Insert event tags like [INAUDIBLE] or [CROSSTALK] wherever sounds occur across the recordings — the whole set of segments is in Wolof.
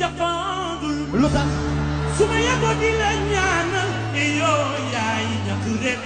jàppandul lu tax di la ñaanal eh, yow yaay ñàkk rek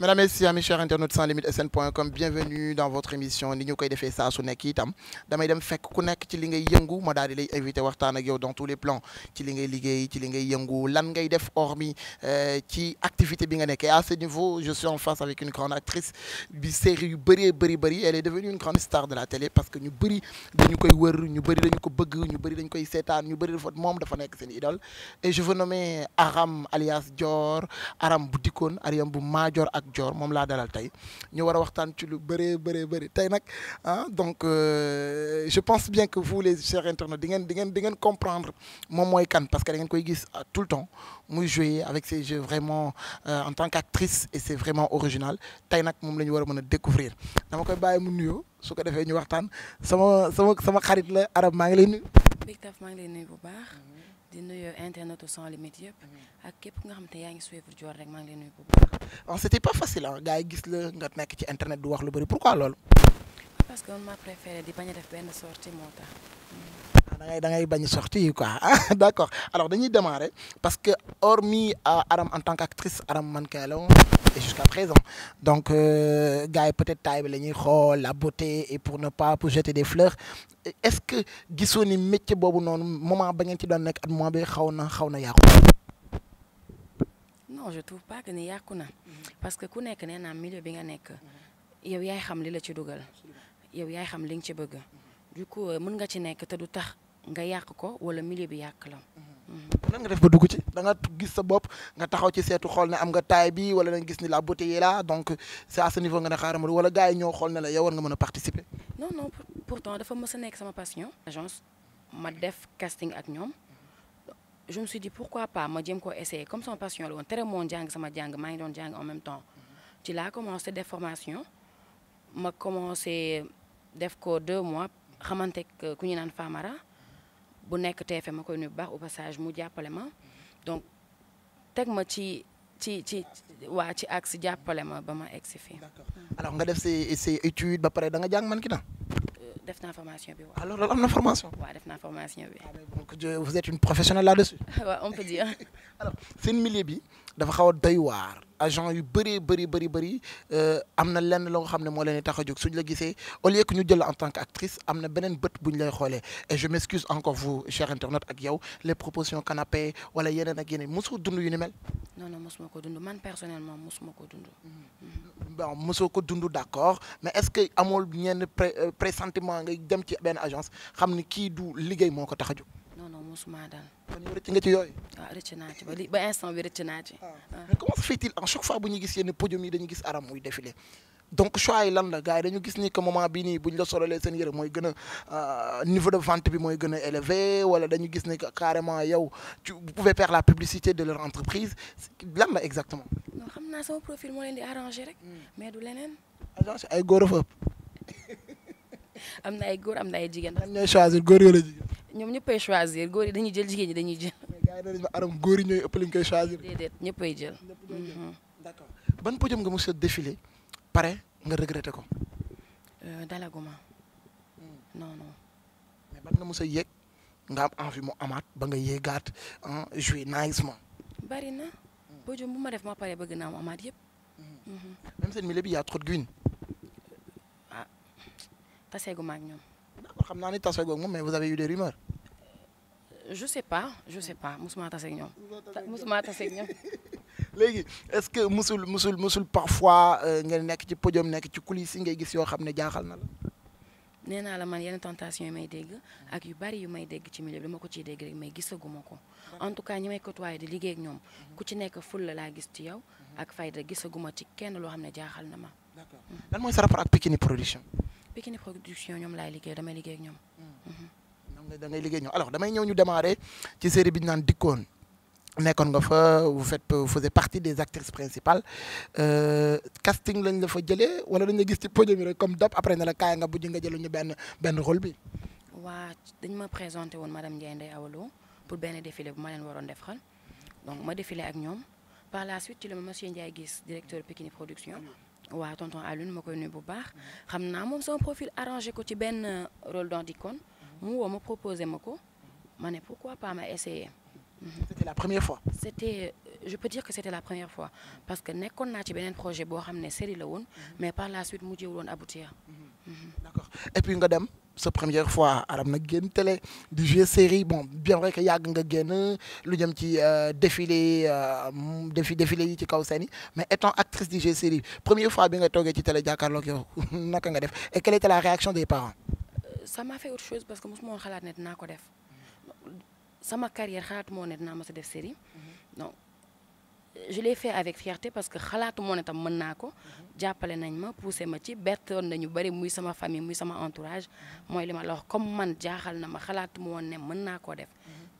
mesdames et messieurs mes chers internautes sans limite sn.com bienvenue dans votre émission ni ñu koy defee saa su nekk itam damay dem fekk ku nekk ci li ngay yëngu ma daal di lay invité waxtaan ak yow dans tous les plans ci li ngay liggéey ci li ngay yëngu lan ngay def hormis euh, ci activité bi nga nekk et à ce niveau je suis en face avec une grande actrice bi série yu bëri bëri bëri elle est devenue une grande star de la télé parce que ñu bëri dañu koy wër ñu bëri dañu ko bëgg ñu bëri dañu koy seetaan ñu bëri dafa moom dafa nekk seen idole et je veux nommer Aram alias Dior Aram bu dikkoon Aram bu Madior Dior moom laa dalal tey ñu war waxtaan ci lu bëree bëree bëri nag ah, donc euh, je pense bien que vous les chers internautes di ngeen di ngeen di ngeen comprendre moom mooy kan parce que da koy gis ah, tout le temps muy jouer avec ces jeux vraiment euh, en tant qu'actrice et c'est vraiment original tey nag moom la ñu a mën a découvrir dama koy bàyyi mu nuyoo su ko defee ñu waxtaan sama sama xarit la arab maa ngi lay nuyu. Big Taf maa ngi lay nuyu bu baax. di nuyu internet sans limite yëpp. Mhm. ak képp nga xam te yaa ngi suivre Dior rek maa ngi lay nuyu bu baax. Oh, c'était pas facile ah gis la nga nekk ci internet du wax lu bëri pourquoi loolu. parce que ma maa préféré di bañ a def benn sorti moo tax. Ah, da ngay bañ sorti yi quoi ah, [LAUGHS] d' accord alors dañuy démarrer parce que hormis euh, Aram en tant qu'actrice Aram mannequin la woon et jusqu'à présent donc euh, gars yi peut-être taille bi la ñuy xool la beauté et pour ne pas pour jeter des fleurs est-ce que gisoo ni métier boobu noonu moment ba ngeen ci doon nekk at moment bi xaw na xaw na yàqu. non je trouve ni yàqu na que ku nekk nee naa milieu bi nga nekk yow yaay xam li la ci dugal yow yaay xam li nga ci bëgg du euh, mën nga ci nekk te du tax nga yàq ko wala milieu bi yàq la. nan nga def ba dugg ci da nga gis sa bopp nga taxaw ci seetu xool ne am nga taille bi wala nga gis ni la beauté yi la donc c'est à ce niveau nga ne xaaral ma wala gars yi ñoo xool ne la yow war nga mën a participer. non non pourtant dafa mës a nekk sama passion. agence ma def casting ak ñoom je me suis dit pourquoi pas ma jéem ko essayer comme sama passion la woon tere moon jàng sama jàng maa ngi doon jàng en même temps ci laa commencé def formation ma commencé def ko deux mois xamante ku ñu naan Famara. bu nekk TFM ma koy nuyu bu baax au passage mu jàppale ma donc teg ma ci ci ci waa ci ak si jàppale ma ba ma egg si fii. d'accord alors nga def say say études ba pare da nga jàng man ki na euh, def naa formation bi waaw. alors loolu am na formation. waaw def naa formation bi. Ah, donc vous êtes une professionnelle là-dessus. [LAUGHS] waaw [LAUGHS] alors seen milieu bi dafa xaw a doy waar agent yu bëree bëri bëri bëri euh, am na lenn loo xam ne moo leen tax a jóg suñ la gisee au lieu que ñu jël en tant qu'actrice am na beneen bët bu lay xoolee et je m'excuse encore vous cher internaute ak yow les propositions canapé wala yeneen ak yeneen mosoo dund yu ni mel. non non mosuma ko dund man personnellement mosuma ko dund. Mm-hmm. bon mosoo ko dund d'accord mais est-ce que amool ñenn pré euh, pressentiment ngay dem ci benn agence xam ni kii du liggéey moo ko tax a jóg. musuma dal. kon yow rëcc nga ci yooyu. waaw ah, rëcc naa ci ba li ba instant bi rëcc naa ci. Ah. Ah. mais comment se il à chaque fois bu ñu gis yenn podium yi dañu gis aram muy défilé donc choix yi lan la gars yi dañu gis ni que moment bii nii bu ñu la sololee seen yëre mooy gën a euh, niveau de vente bi mooy gën a élevé wala dañu gis ni que carrément yow tu vous pouvez faire la publicité de leur entreprise lan exactement. non xam naa sama profil moo leen di arrangé rek. Hmm. mais du leneen. agence ay góor [LAUGHS] am na ay góor am na ay jigéen. ñooy choisir góor wala ñoom ñëppay choisir góor yi dañuy jël jigéen ñi dañuy jël. mais gars yi dañu ma aram góor yi ñooy ëpp lañ koy choisir. déedéet ñëppay jël. Mhm. d'accord ban podium nga mos a défilé pare nga regretté ko. Euh, dalaguma hmm. non non. mais ban nga mos a yéeg nga am envie mu amaat ba nga yéegaat ah joué naïvement. bari na. Hmm. podium bu ma def ma pare bëgg naa mu amaat yëpp. Hmm. Mhm. même seen milieu bi y a trop de guine. ah ma ak ñoom. d'accord xam naa ni tase googu moom mais vous avez eu des rumeurs. je sais pas je sais pas musuma tase ak ñoom. musuma tase ak ñoom. [LAUGHS] léegi est-ce que musul musul musul parfois euh, nga nekk ci podium nekk ci coulisses yi ngay gis yoo xam ne jaaxal na la. nee naa la man yenn tentation yi may dégg ak yu bari yu may dégg ci milieu bi dama ko ciy dégg rek mais gisaguma ko en tout cas ñi may côtoyer di liggéey ak ñoom mhm. ku ci nekk ful laa gis ci yow mhm. ak fayda gisaguma ci kenn loo xam ne jaaxal na ma. d'accord mhm. lan mooy sa rapport ak Pikini Pikini production ñoom laay liggéey damay liggéey ñoom. Mm. ñoom da ngay liggéey ñoom alors damay ñëw ñu démarrer ci série bi ñu naan dikkoon nekkoon nga fa vous faites vous faisiez partie des actrices principales euh, casting lañ la fa jële wala dañ la gis ci projet bi rek comme dop après ne la kaay nga bu ji nga jëlu ñu benn benn rôle bi. waa dañ ma présenté woon ma madame Ndiaye Ndeye Awalo pour benn défilé bu ma leen waroon def xel donc ma défilé ak ñoom par la suite ci la ma monsieur Ndiaye gis directeur Pikini production waaw tonton Alioune ma koy nuyu bu baax xam naa moom soo profil arrangé ko ci benn euh, rôle dans Dikoon mu woo ma proposé ma ko ma ne pourquoi pas ma essayer. Mhm. c'était la première fois. c'était euh, je peux dire que c'était la première fois parce que nekkoon naa ci beneen projet boo xam ne série la woon mhm. mais par la suite mujjee woon aboutir. Mhm. d'accord et puis nga dem. sa première fois aram nag génn télé di jouer série bon bien vrai que yàgg nga génn lu jëm ci euh, défilé euh, défi défilé yi ci kaw seen mais étant actrice di jouer série première fois bi nga toogee ci télé jàkkaarloog yow [LAUGHS] naka nga def et quelle était la réaction des parents. Euh, ça m'a fait autre chose parce que mosuma woon xalaat ne dinaa ko def sama carrière xalaat moo ne naa mës a def série mm-hmm. je l'ai fait avec fierté parce que xalaatu moo ne tam mën naa ko jàppale nañ ma poussé ma ci bertoon nañu bari muy sama famille muy sama entourage mooy li ma la wax comme man jaaxal na ma xalaatu ma woon ne mën naa koo def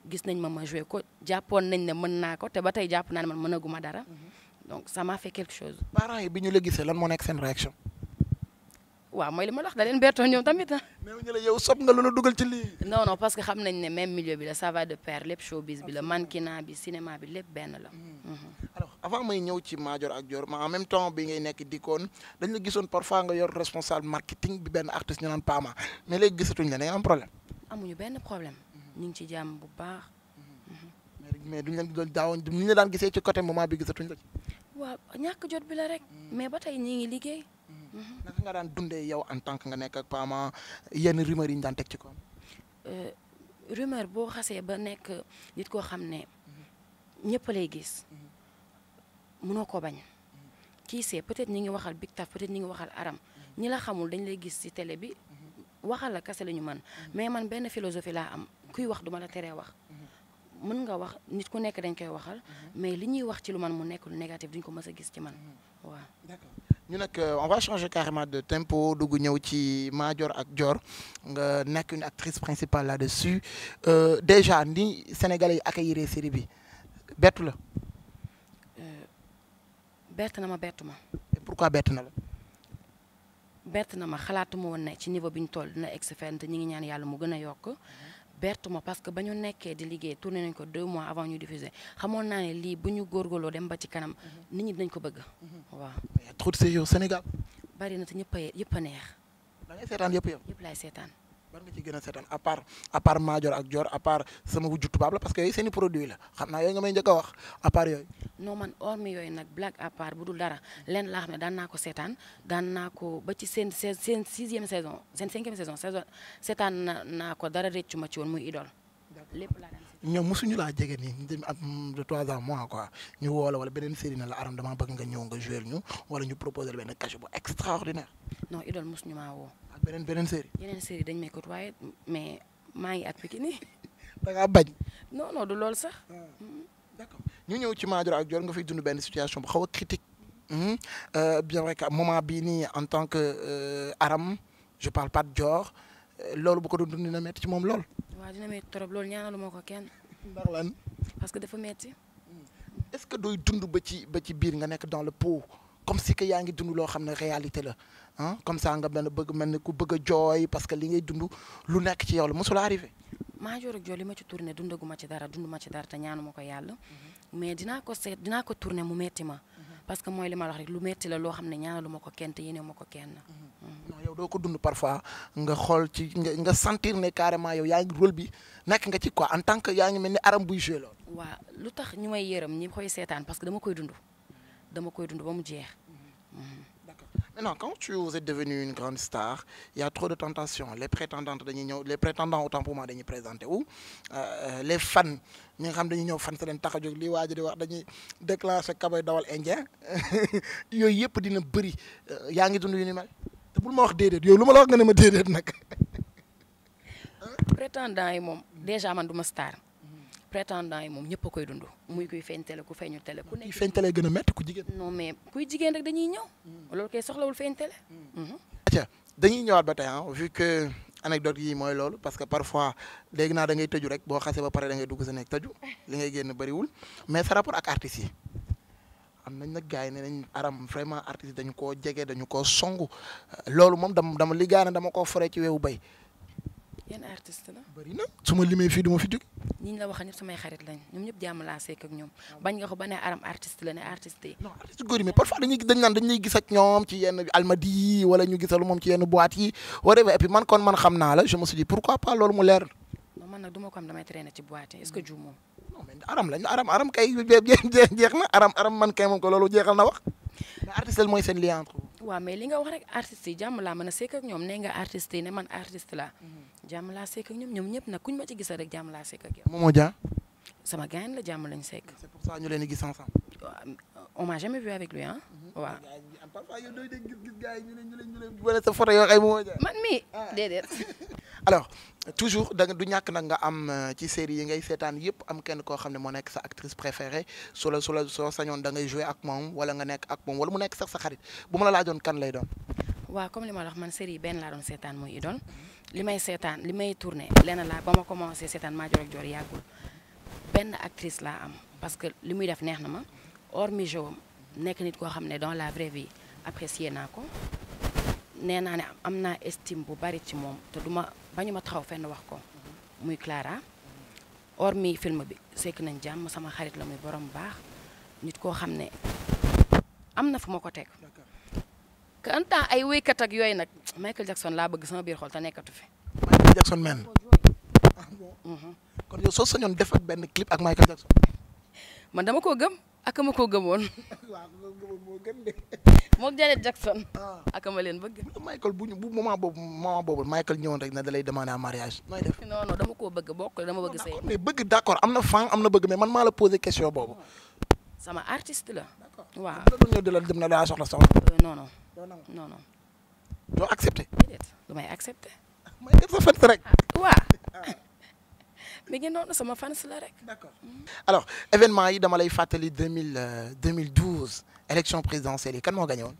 gis nañ ma ma joué ko jàppoon nañ ne mën naa ko te ba tey jàpp naa ne man mënaguma dara donc ça m'a fait quelque bi ñu la gisee lan moo nekk seen réaction waaw mooy li ma la da leen bertoon ñoom tamit ah mais ñu la yow lu la dugal ci lii non parce que xam nañ ne même milieu bi la ça va de pair lépp showbiz bi la man mannequinat bi cinéma bi lépp benn la mm. mhm. avant may ñëw ci Madior ak Dior ma en même temps bi ngay nekk dikkoon la gisoon parfois nga yor responsable marketing bi benn artiste ñu naan Pama mais léegi gisatuñ la da ngeen am problème. amuñu benn problème. ñu ngi ci jàmm bu baax. mais duñ leen doon daawoon duñ la daan gisee ci côté moment bi gisatuñ la ci. waaw ñàkk jot bi la rek. Hmm. mais ba tey ñi ngi liggéey. Hmm. Hmm. naka nga daan dundee yow en tant que nga nekk ak Pama yenn rumeur yi ñu daan teg ci ko euh, rumeur boo xasee ba nekk nit koo xam ne ñëpp lay gis. mënoo koo bañ kii see peut-être ñi ngi waxal Big Taf peut-être ñi ngi waxal Aram ñi la xamul dañ lay gis ci télé bi waxal la kese lañu man mais man benn philosophie laa am kuy wax duma la teree wax mën nga wax nit ku nekk dañ koy waxal mais li ñuy wax ci lu man mu nekk lu négatif duñ ko mës a gis ci man waa ñu nag euh, on va changer carrément de tempo dugg ñëw ci Madior ak joor nga nekk une actrice principale là su euh, déjà ni Sénégalais yi accueillir série bi bettu la. bett na ma bett ma. pourquoi bett na la. bett na ma xalaatuma woon ne ci niveau bi ñu toll dina egg si ñu ngi ñaan yàlla mu gën a yokk. bett ma parce que ba ñu nekkee di liggéey tourné nañ ko deux mois avant ñu diffuser xamoon naa ne lii bu ñu góorgóorloo dem ba ci kanam mhm. nit ñi dañ ko bëgg. Mhm. waaw. trop de séries Sénégal. bari na te ñëpp a yëpp a neex. da ngay seetaan yëpp yow. yëpp laay seetaan. ban nga ci gën a seetaan à i produit la a ñoom mosuñu laa jege nii de trois ans mois quoi ñu woo la beneen série la aram dama bëgg nga ñëw nga jouer ñu wala ñu proposer benn cachet bu extraordinaire non idole mosuñu maa woo beneen beneen série. yeneen série dañ may ko waaye mais maa ngi ak Pikine. [LAUGHS] da ngaa bañ. non non sax. Ah. ñu ñëw ci Madior ak Dior nga fi dund benn situation bu xaw a critique hmm. euh, bien vrai que moment bii nii en tant que euh, Aram je parle pas de euh, loolu bu ko doon dund ci moom lool. waaw dina métti trop ko kenn. parce que dafa métti. Hmm. est-ce que doy dund ba ci ba ci biir nga nekk dans le pot. comme si que yaa ngi dund loo xam ne réalité la ah comme ça nga mel bëgg mel ni ku bëgg a jooy parce que li ngay dund lu nekk ci yow la mosul arrivé. Madior ak Dior li ma ci tourné dundagu ci dara dund ma ci te ñaanu ma ko yàlla mais dinaa ko seet dinaa ko tourné mu metti ma parce que mooy li ma wax rek lu metti la loo xam ne ñaanalu ma ko kenn te yéene ma ko kenn. non yow doo ko dund parfois nga xool ci nga nga sentir ne carrément yow yaa ngi rôle bi nekk nga ci quoi en tant que yaa ngi mel ni aram buy joué loolu. waaw lu tax ñu may yërëm ñi koy seetaan parce que dama koy dund. dama koy dund ba mu jeex. d'accord maintenant quand tu vous êtes devenue une grande star il y a trop de tentations les prétendantes dañuy ñëw le prétendants autant pour moi dañuy présenter wu euh, euh, les fan ñu nga xam dañuy ñëw fan sa leen tax a jóg li waa ji di wax dañuy déclencher kabay dawal indien [LAUGHS] yooyu yëpp dina bëri euh, yaa ngi dund yu ni mel te bul ma wax déedéet yow lu ma la wax nga ne ma déedéet nag. [LAUGHS] prétendant yi moom déjà man du star. prétendant yi moom ñëpp koy dund muy kuy feeñ télé ku feeñu tele ku nekk feeñ télé gën a métti ku jigéen non mais kuy jigéen rek dañuy ñëw hmm. loolu koy soxlawul feeñ télé hmm. hmm. aca dañuy ñëwaat ba tey ah vu que anecdote yi mooy loolu parce que parfois léegi naa da ngay tëju rek boo xasee ba pare dangay dugg sa nekk tëju li ngay génn bariwul mais sa rapport ak artistes yi am nañ nag gars yi ne dañ aram vraiment artistes dañu koo jege dañu koo songu loolu moom dama dama li gaana dama koo foree ci weewu bay yan artiste la bëri na su ma limee fii du ma fi ñi ñu la wax ñëpp samay xarit lañ ñoom ne aram artiste la ñu gisalu aram aram kay jeex na aram aram man kay moom ko loolu jeexal na wax mais artiste mooy seen lien entre waaw mais li nga wax rek artistes yi jàmm laa mën a sekk ak ñoom nee nga artistes yi ne man artiste laa. Mhm. jàmm laa sekk ñoom ñoom ñëpp nag kuñ ma ci gis rek jàmm laa sekk ak yow. Momo sama gaañ la jàmm lañ sekk. c'est pour ça ñu leen di gis ensemble. on m'a jamais vu avec lui mhm. man mii ah. déedéet. [LAUGHS] alors toujours da du ñàkk nag nga am euh, ci série yi ngay seetaan yëpp am kenn koo xam ne moo nekk sa actrice préférée su la su la soo sañoon da ngay jouer ak moom wala nga nekk ak moom wala mu nekk sax sa xarit bu ma la laajoon kan lay doon. waaw comme li ma la man série yi benn laa doon seetaan muy Idole li may seetaan li may tourné lenn laa ba ma commencé seetaan maa joor ak joor yàggul benn actrice laa am parce que li muy def neex na ma hormis jowam nekk nit koo xam ne dans la vraie vie apprécié naa ko nee naa ne am naa estime bu bari ci moom ba ñu ma taxaw fenn wax ko muy Clara or mi film bi sekk nañ jàmm sama xarit la muy borom baax nit koo xam ne am na fu ma ko teg kantaa ay wéykat ak yooyu nag Michael Jackson laa bëgg sama biir xol te nekkatu fi. Michael Jackson men mhm. kon yow soo sañoon def benn clip ak Michael Jackson. man dama koo gëm. aka ma ko gëmoon. [LAUGHS] waaw ma ko gëmoon moo gën de. moog Janet Jackson. Ah. aka ma leen bëgg. Michael bu ñu bu moment boobu moment boobu Michael ñëwoon rek na da lay demander en mariage. nooy def non non dama koo bëgg bokk dama bëgg sëy. mais bëgg d' accord am na fan am na bëgg mais man maa la posé question boobu. sama artiste la. d' accord waaw bu doon ñëw di la dem na daa soxla soxla. Euh, non non non non. doo accepté. déedéet lu may accepté. may def sa fête rek. Ah, waaw. Ah. mi ngi noonu sama fans la rek. d'accord événement yi dama lay fàttali deux mille euh, deux mille douze élection présidentielle yi kan moo gagné woon.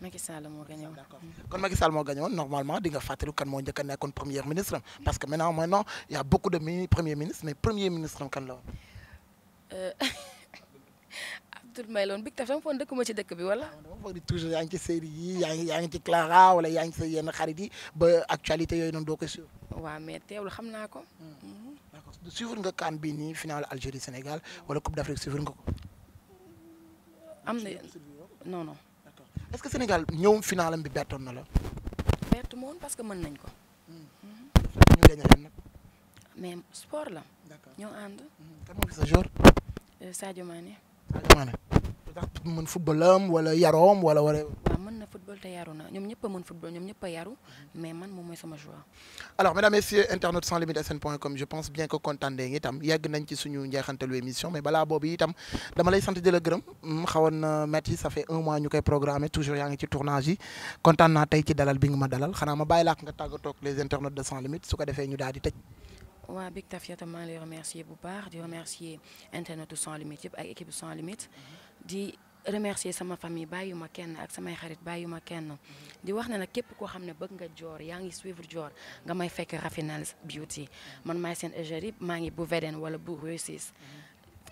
Macky Sall moo gagné woon. d'accord kon Macky Sall moo gagné woon normalement di nga fàttali kan moo njëkk a nekkoon premier ministre am parce que maintenant maintenant y a beaucoup de mini premier ministre mais premier ministre kan la woon. Euh, [LAUGHS] tur may loon big taf sama foon dëkkuma ci dëkk bi wala. yaa ngi ci série yi yaa ngi ci Clara wala yaa ngi sa yenn xarit yi ba actualité yooyu noonu doo ko suivre. naa ko. Hmm, d' accord suivre nga kan bii nii final Algérie Sénégal wala Coupe d' Afrique suivre nga ko. am na non non. est que Sénégal ñëw finalam bi bettoon na la. bett moon parce que mën nañ ko. Hmm. Hmm. ñu gagné maanaam football am wala yaroom wala wala. waaw ah, mën na football te yaru na ñoom ñëpp a mën football ñoom ñëpp a yaru mais man moom mooy sama joueur. alors mesdames et messieurs internautes sans limite sn point com je pense bien que kontaan ngeen itam yegg nañ ci suñu njeexantalu émission mais balaa boobu itam dama lay sant di la gërëm mm, xawoon na métti ça un mois ñu koy programmé toujours yaa ngi ci tournage yi kontaan naa tey ci dalal bi nga ma dalal xanaa ma bàyyi la ak nga tàggatoo ak de sans limite su waa Big Taf yatam maa ngi lay remercier bu baax di remercier internetu sans limite yëpp ak équipe sans limite mhm. di remercier sama famille bàyyi ma kenn ak samay xarit bàyyi ma kenn mhm. di wax na nag képp koo xam ne bëgg nga joor yaa ngi suivre joor nga may fekk Raffinage Beauty mhm. man maay seen égérie maa ngi bu Védène wala bu Réussisse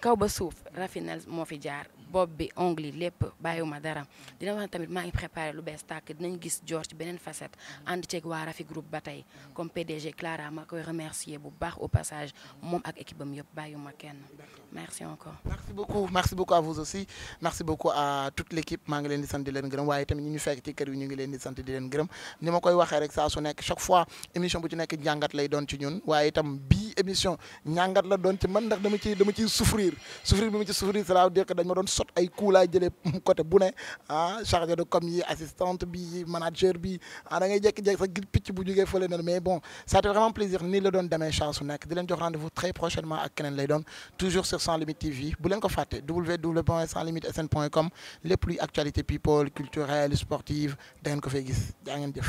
kaw ba suuf Rafinel moo fi jaar bopp bi ongle lépp lépp ma dara dina wax ne tamit maa ngi préparé lu bees tàkk dinañ gis George ci beneen facette mm. ànd ceeg waa Rafi groupe ba tey comme PDG Clara ma koy remercier bu baax au passage moom ak équipe am yëpp bàyyiwuma kenn merci encore. merci beaucoup merci beaucoup à vous aussi merci beaucoup toute l' équipe ngi leen di sant di leen gërëm waaye tamit ñu ñu fekk ci kër yi ñu ngi leen di sant di leen gërëm ni ma koy waxee rek saa su nekk chaque fois émission bu ci nekk lay doon émission ñàngat la doon ci man ndax dama ciy dama ciy bi ma ci souffrir ça dire que dañ ma doon sot ay coup laa jëlee [LAUGHS] côté bu ne ah yi manager bi ah da ngay jékki-jékki picc bu jógee fële noonu mais bon ça fait vraiment plaisir nii la doon demee chance su nekk di leen jox rendez-vous très prochainement ak keneen lay doon toujours sur Sans Limites TV bu leen ko fàtte www.sanslimitesn.com lépp luy actualité people culturelle sportive da ngeen ko fay gis